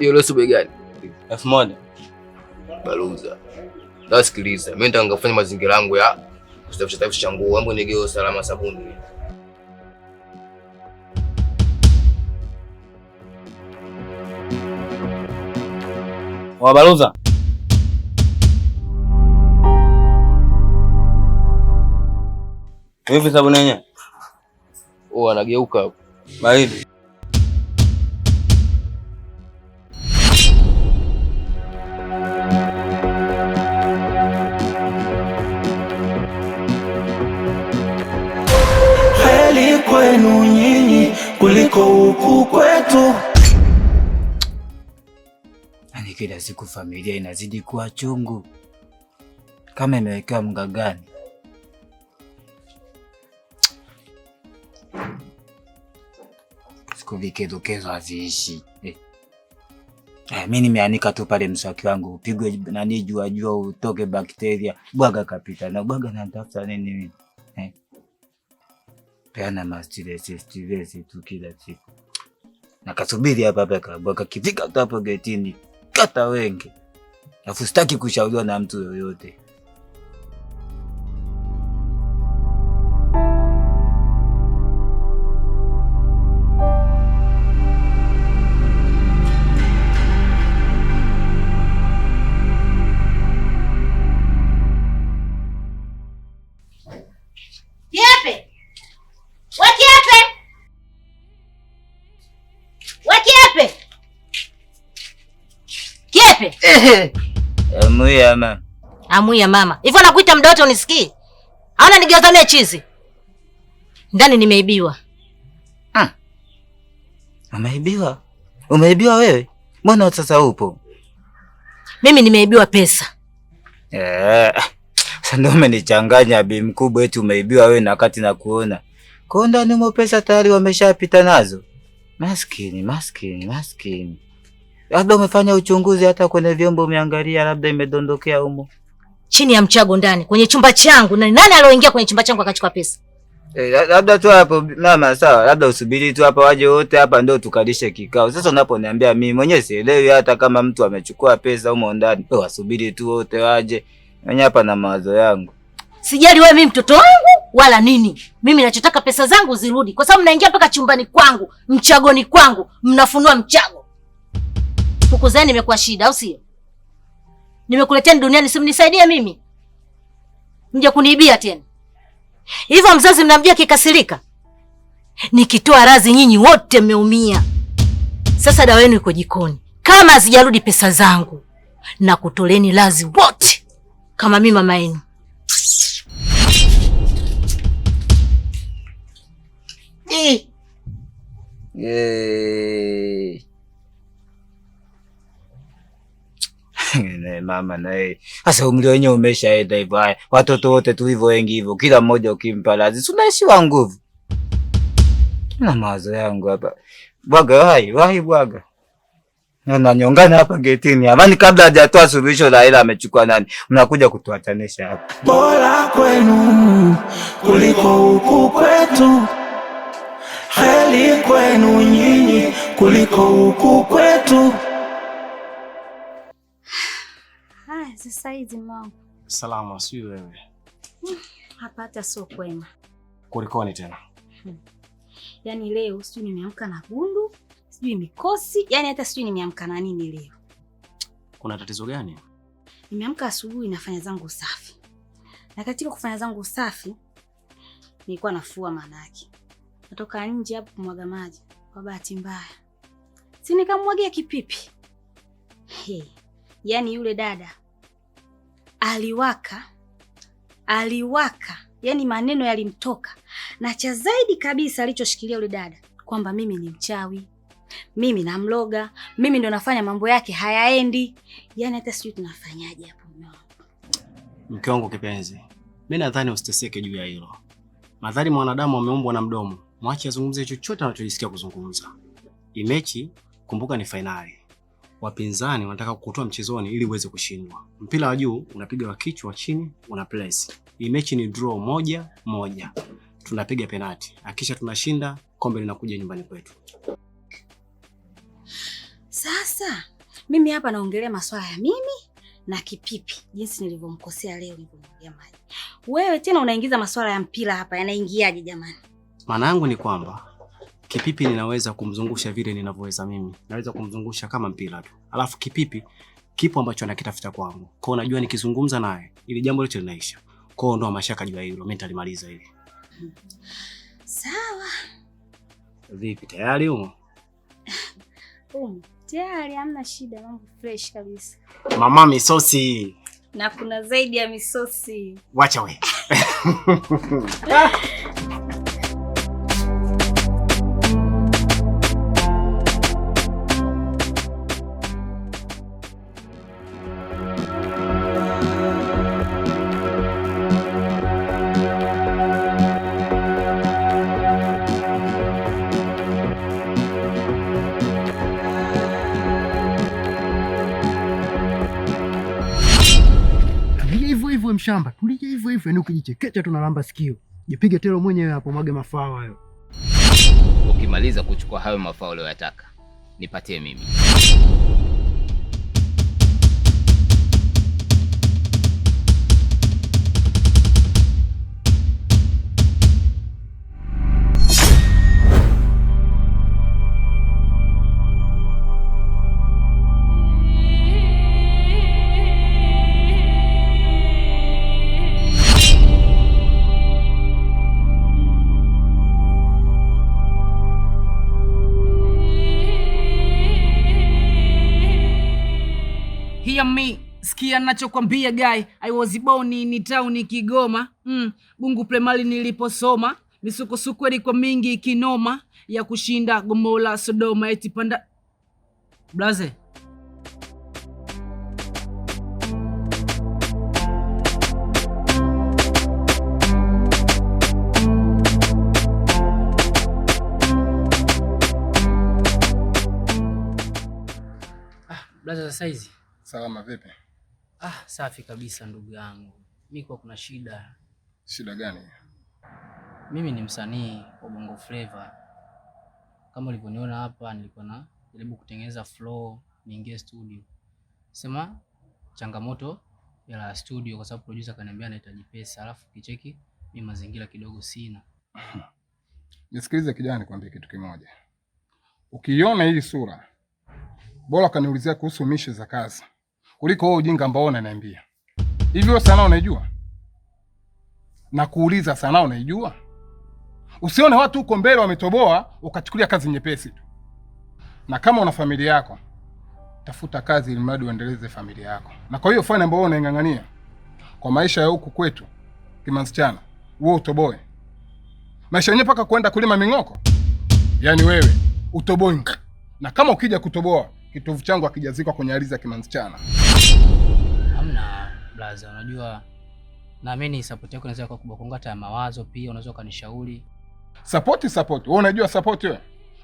Hiyo leo sube gani? elfu moja baluza. Nasikiliza, mimi ndio mazingira yangu ya kustafisha tafisha changu, hebu nigeo salama sabuni. Wa baluza. Hivi sabuni yenyewe. Oh, anageuka Baridi. kuliko huku kwetu. Yaani kila siku familia inazidi kuwa chungu, kama imewekewa mgagani. Siku vikedokezo haviishi eh. Eh, mi nimeanika tu pale mswaki wangu upigwe nani jua jua utoke bakteria, bwaga kapita na bwaga na natafuta nini mimi peana mastilesi stilesi tu kila siku. Nakasubiri hapa hapa kabu, akakifika hapo getini kata wengi afu sitaki kushauriwa na mtu yoyote. ngapi? Amuya mama. Amuya mama. Hivyo nakuita muda wote unisikii? Haona nigeuzane chizi. Ndani nimeibiwa. Ah. Umeibiwa? Umeibiwa wewe? Mbona sasa upo? Mimi nimeibiwa pesa. Eh. Sasa ndio umenichanganya bi mkubwa, eti umeibiwa wewe na wakati na kuona. Kwa ndani mwa pesa tayari wameshapita nazo. Maskini, maskini, maskini. Labda umefanya uchunguzi hata kwenye vyombo umeangalia, labda imedondokea humo chini ya mchago ndani kwenye chumba changu. Nani, nani aloingia kwenye chumba changu akachukua pesa? Eh, labda tu hapo mama, sawa, labda usubiri tu hapa waje wote hapa ndio tukalishe kikao. Sasa unaponiambia mimi mwenyewe sielewi hata kama mtu amechukua pesa humo ndani. Wasubiri tu wote waje. Mwenye hapa na mawazo yangu. Sijali wewe mimi mtoto wangu wala nini. Mimi nachotaka pesa zangu zirudi kwa sababu mnaingia mpaka chumbani kwangu, mchagoni kwangu, mnafunua mchago kuzaa nimekuwa shida, au sio? Nimekuleteni duniani, simnisaidie mimi, mje kuniibia tena hivyo. Mzazi mnamjua kikasirika, nikitoa razi nyinyi wote mmeumia. Sasa dawa yenu iko jikoni, kama hazijarudi pesa zangu na kutoleni lazi wote, kama mi mama yenu. Hey. mama naye sasa, umri wenyewe umeshaenda hivyo. Haya, watoto wote tulivyo wengi hivyo, kila mmoja ukimpa lazi, wa nguvu. Na mawazo yangu hapa, bwaga wahi wahi, bwaga nanyongana hapa getini. Amani kabla hajatoa suluhisho la hela, amechukua nani? Mnakuja kutuatanisha hapa. Bora kwenu kuliko huku kwetu, heli kwenu nyinyi kuliko huku kwetu. exercise mwangu. Salama, si wewe? Hapa hata sio kwema. Kulikoni tena? Hmm. Yaani leo sijui nimeamka na gundu, sijui mikosi, yaani hata sijui nimeamka na nini leo. Kuna tatizo gani? Nimeamka asubuhi nafanya zangu usafi. Na katika kufanya zangu usafi nilikuwa nafua manaki. Natoka nje hapo kumwaga maji. Kwa bahati mbaya si nikamwagia kipipi. Hey. Yaani yule dada aliwaka aliwaka, yani maneno yalimtoka, na cha zaidi kabisa alichoshikilia yule dada kwamba mimi ni mchawi, mimi namloga, mimi ndo nafanya mambo yake hayaendi, yani hata sijui tunafanyaje hapo. Mke wangu kipenzi, mi nadhani usiteseke juu ya hilo. Madhari mwanadamu ameumbwa na mdomo, mwache azungumze chochote anachojisikia kuzungumza. Imechi, kumbuka ni fainali wapinzani wanataka kukutoa mchezoni ili uweze kushindwa. Mpira wa juu unapiga wa kichwa, wa chini una press. Hii mechi ni draw moja moja, tunapiga penati akisha tunashinda, kombe linakuja nyumbani kwetu. Sasa mimi hapa naongelea masuala ya mimi na Kipipi, jinsi nilivyomkosea leo nilivyomwambia maji. Wewe tena unaingiza masuala ya mpira hapa, yanaingiaje jamani? Maana yangu ni kwamba Kipipi ninaweza kumzungusha vile ninavyoweza mimi, naweza kumzungusha kama mpira tu, alafu kipipi kipo ambacho anakitafuta kwangu kwao, najua nikizungumza naye ili jambo lote linaisha kwao, ndo mashaka jua hilo. Mimi nitalimaliza hili. Sawa. Vipi, tayari umo? Um, tayari, hamna shida, mambo fresh kabisa. Mama misosi na kuna zaidi ya misosi, wacha we shamba tulije hivyo hivyo, yani ukijichekecha tunalamba sikio. Jipige telo mwenyewe hapo, mwage mafao hayo. Ukimaliza kuchukua hayo mafao uliyotaka nipatie mimi. Sikia nachokwambia guy, I was born in town Kigoma, mm, Bungu Primary niliposoma, misukosuko ilikuwa mingi kinoma, ya kushinda Gomola Sodoma, eti panda ah, blaze Sasa hizi salama vipi? Ah, safi kabisa ndugu yangu. Mimi kwa kuna shida. Shida gani? Mimi ni msanii wa Bongo Flava. Kama ulivyoniona hapa, nilikuwa na jaribu kutengeneza flow niingie studio. Sema changamoto ya studio kwa sababu producer kaniambia anahitaji pesa, alafu kicheki mimi mazingira kidogo sina. Nisikilize kijana, nikwambie kitu kimoja. Ukiona hii sura, bora kaniulizia kuhusu mishi za kazi kuliko wewe ujinga ambao unaniambia. Hivi wewe sanaa unaijua? Nakuuliza, sanaa unaijua? Usione watu huko mbele wametoboa ukachukulia kazi nyepesi tu. Na kama una familia yako, tafuta kazi ili mradi uendeleze familia yako. Na kwa hiyo fani ambayo unaing'ang'ania kwa maisha ya huku kwetu Kimansichana, wewe utoboe maisha yenyewe mpaka kuenda kulima ming'oko, yaani wewe utoboe. Na kama ukija kutoboa, kitovu changu akijazikwa kwenye ardhi ya Kimansichana. Hamna blaza, unajua naamini support yako inaweza kuwa kubwa kwangu, hata ya mawazo pia unaweza ukanishauri. Support support, wewe unajua support wewe.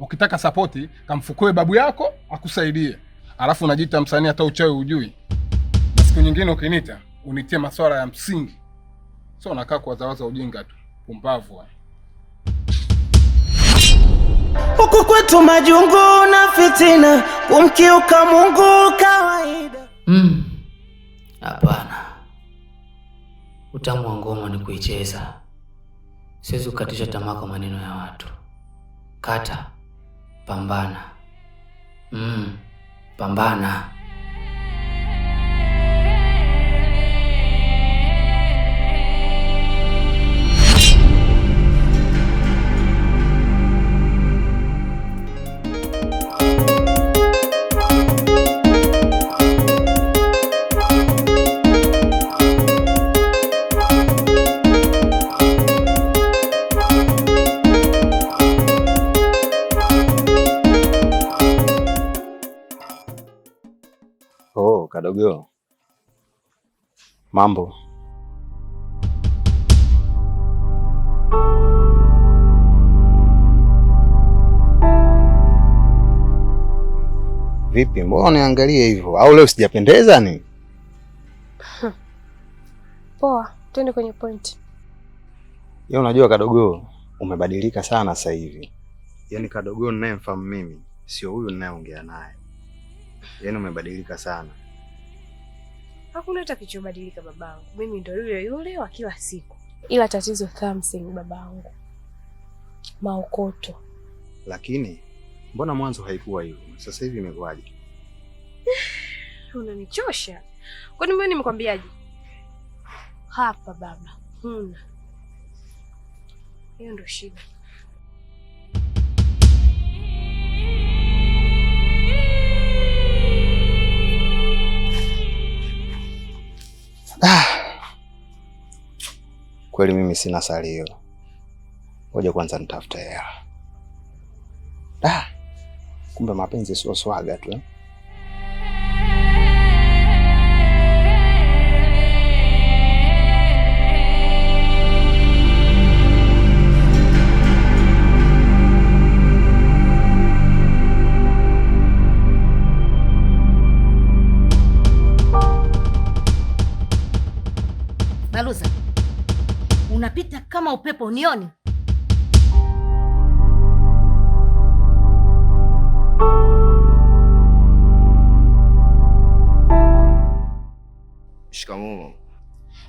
Ukitaka support kamfukue babu yako akusaidie, alafu unajiita msanii hata uchawi ujui. Na siku nyingine ukinita unitie maswala ya msingi, sio unakaa kwa zawaza ujinga tu, pumbavu. Huku kwetu majungu na fitina, kumkiuka Mungu kawa Hmm. Hapana. Mm. Utamu wa ngoma ni kuicheza. Siwezi kukatisha tamaa kwa maneno ya watu. Kata, pambana. Mm. Pambana. Dogo, mambo? Vipi, mbona niangalie hivyo? Au leo sijapendeza ni? Poa, twende kwenye point. Ye, unajua kadogo, umebadilika sana sasa hivi. Yaani kadogo ninayemfahamu mimi sio huyu ninayeongea naye. Yaani umebadilika sana hakuna hata kichobadilika babangu, mimi ndo yule yule wa kila siku, ila tatizo something babangu, maokoto. Lakini mbona mwanzo haikuwa hivyo, sasa hivi imekuwaje? Unanichosha. Kwani mimi nimekwambiaje? Hapa baba huna. Hiyo ndo shida. kweli mimi sina sali hiyo. Ngoja kwanza nitafuta hela. Ah, kumbe mapenzi sio swaga tu eh? unapita kama upepo unioni. Shikamoo.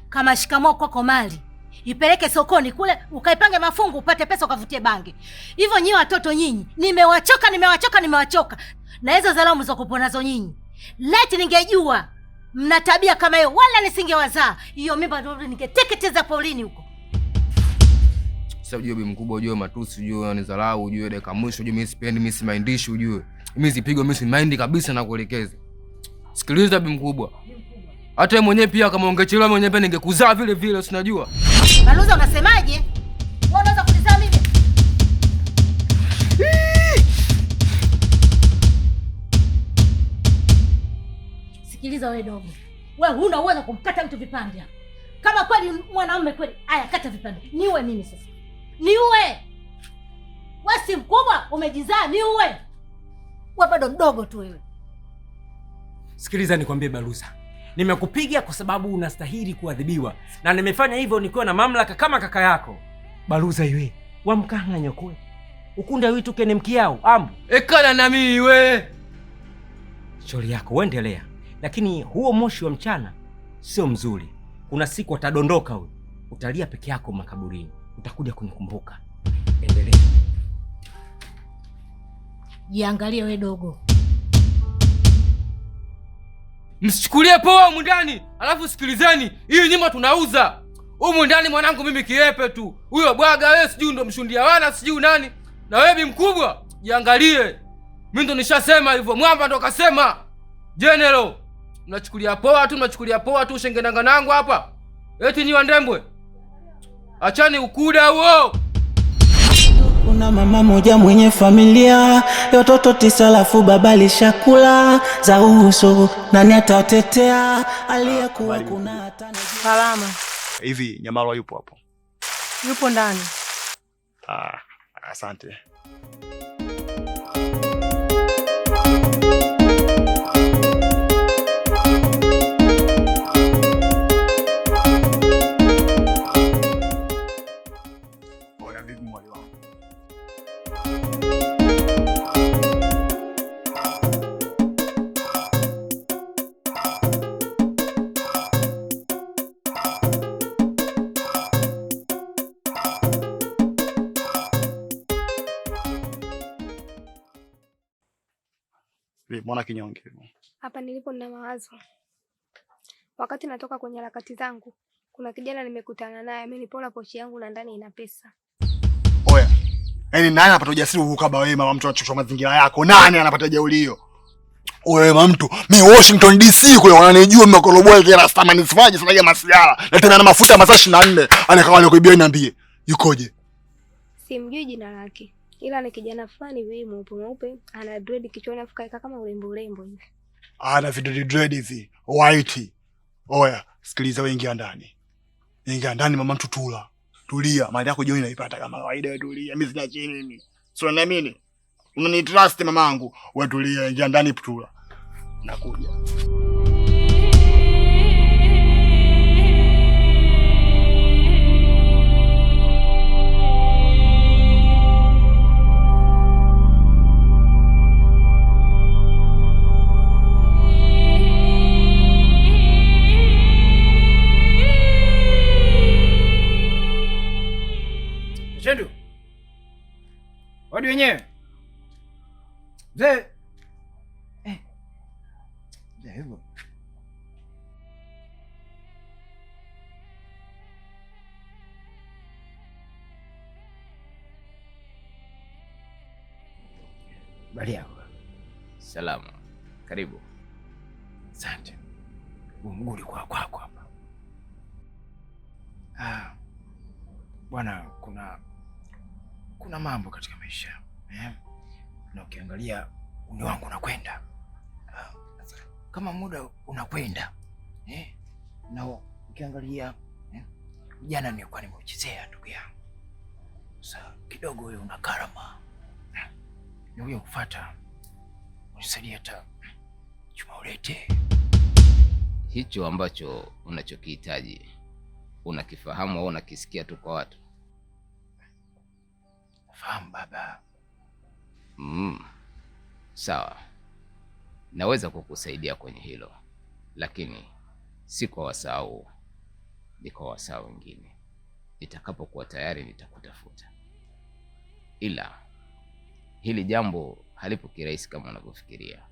Kama shikamoo kwako mali ipeleke sokoni kule ukaipange mafungu upate pesa ukavutie bange. Hivyo nyinyi watoto nyinyi, nimewachoka nimewachoka nimewachoka na hizo zalamu za nazo nyinyi. Leti ningejua mna tabia kama hiyo, wala nisingewazaa. Hiyo mimba ndio ningeteketeza polini huko sasa, ujue bi mkubwa, ujue matusi, ujue ni dharau, ujue dakika mwisho, ujue mimi sipendi, mimi si maindishi, ujue mimi sipigwa, mimi si maindi kabisa, nakuelekeza. Sikiliza bi mkubwa, hata yeye mwenyewe pia kama ungechelewa, mwenyewe pia ningekuzaa vile vile, si unajua. Baluza, unasemaje? Wewe unaweza kunizaa mimi? Sikiliza wewe dogo, wewe huna uwezo kumkata mtu vipande. Kama kweli mwanaume kweli, aya kata vipande, niwe mimi sasa niue. Wewe si mkubwa, umejizaa niue. uwe bado mdogo tu wewe. Sikiliza nikwambie, Baruza, nimekupiga kwa sababu unastahili kuadhibiwa, na nimefanya hivyo nikiwa na mamlaka kama kaka yako. Baruza iwe wamkang'anya nyokwe ukunda witu ni mkiao ambu ekana na mimi we shauri yako uendelea, lakini huo moshi wa mchana sio mzuri. Kuna siku atadondoka huyo, utalia peke yako makaburini utakuja kunikumbuka. Endelea, jiangalie wewe dogo, msichukulie poa humu ndani. Alafu sikilizeni, hii nyimbo tunauza humu ndani. Mwanangu mimi kiepe tu, huyo bwaga wewe, sijui ndo mshundia wana sijui nani, na wewe bi mkubwa, jiangalie. Mi ndo nishasema hivyo, mwamba ndo kasema General. Mnachukulia poa tu, mnachukulia poa tu, nangu hapa eti nyiwa wandembwe Achani ukuda huo. Kuna mama moja mwenye familia yototo tisa, lafu baba lishakula za uso, nani atatetea? Aliyekuwa kuna hata salama hivi. nyamalwa yupo hapo? Yupo ndani. Ah, asante. la kinyonge. Hapa nilipo na mawazo. Wakati natoka kwenye harakati zangu, kuna kijana nimekutana naye, amenipola pochi yangu na ndani ina pesa. Oya, yaani nani anapata ujasiri huu kaba wewe mama mtu anachochoma mazingira yako? Nani anapata jeuri hiyo? Wewe mama mtu, mimi Washington DC kule wananijua mimi koloboa kila saa manisifaje sana ya masiara. Na tena na mafuta masaa 24. Anakawa anakuibia niambie. Yukoje? Simjui jina lake ila ni kijana fulani hivi mweupe mweupe, ana dread kichwani, afu kaeka kama urembo urembo hivi, ana vidread dread hivi white. Oya, sikiliza wewe, ingia ndani, ingia ndani, mama mtutula, tulia, mali yako jioni naipata kama kawaida. Wewe tulia, mimi sina chini, mimi sio naamini, unani trust mamangu. Wewe tulia, ingia ndani, putula, nakuja. hodi wenyewe mzee eh. hivyo bali yako salamu, karibu. Asante. Mguu kwa kwako hapa ah. bwana, kuna kuna mambo katika maisha eh? na ukiangalia umri wangu unakwenda, kama muda unakwenda eh? na ukiangalia ujana eh? nilikuwa nimeuchezea ndugu yangu, sa kidogo wewe una karama eh? nikuja kufuata unisaidia hata chuma ulete hicho ambacho unachokihitaji, unakifahamu au unakisikia tu kwa watu Nafahamu baba. Mm. Sawa, naweza kukusaidia kwenye hilo, lakini si kwa wasau, ni kwa wasau wengine. Nitakapokuwa tayari nitakutafuta, ila hili jambo halipo kirahisi kama unavyofikiria.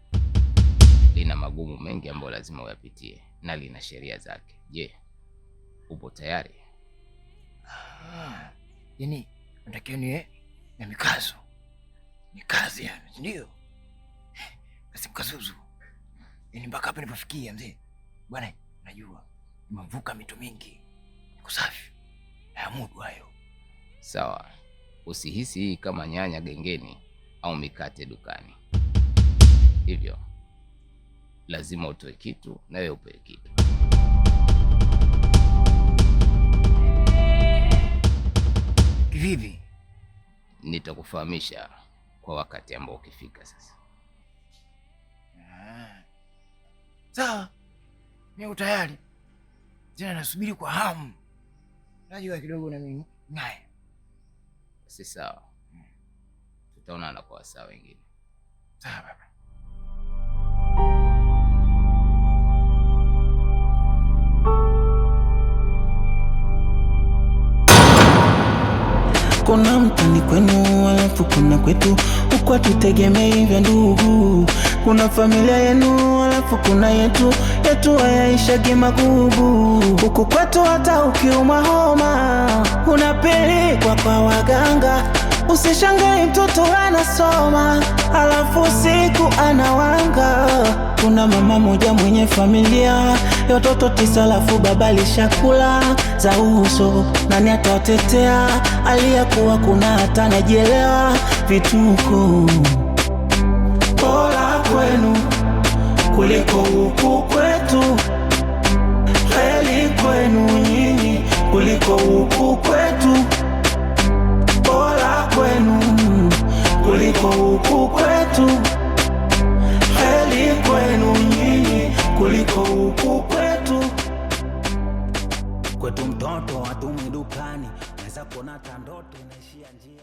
Lina magumu mengi ambayo lazima uyapitie na lina sheria zake. Je, upo tayari? Ah, yani natakiwa niwe ya mikazo ni kazi yani, ndio Basi mkazuzu ni yaani mpaka hapa nipofikia mzee bwana, najua nimevuka mito mingi, nikusafi hayamudu hayo. Sawa, usihisi hii kama nyanya gengeni au mikate dukani, hivyo lazima utoe kitu na wewe kitu. Kivivi? nitakufahamisha kwa wakati ambao ukifika. Sasa ah. sawa, mimi tayari tena, nasubiri kwa hamu. Najua kidogo na mimi naye. Si sawa, hmm. tutaonana kwa wasaa wengine. Sawa baba. kuna mtani kwenu, alafu kuna kwetu. Huku hatutegemei vya ndugu, kuna familia yenu, alafu kuna yetu. Yetu hayaishagi magubu. Huku kwetu hata ukiuma homa unapelekwa kwa waganga Usishangae mtoto anasoma alafu siku anawanga. Kuna mama moja mwenye familia ya watoto tisa, alafu baba alishakula za uso, nani atawatetea? Aliyakuwa kuna hata najielewa vituko. Bora kwenu kuliko huku kwetu, heri kwenu nyinyi kuliko huku kwetu kuliko huku kwetu, heri kwenu nyinyi kuliko huku kwetu. Kwetu mtoto hatumwi dukani, naweza kuona tandoto inaishia njia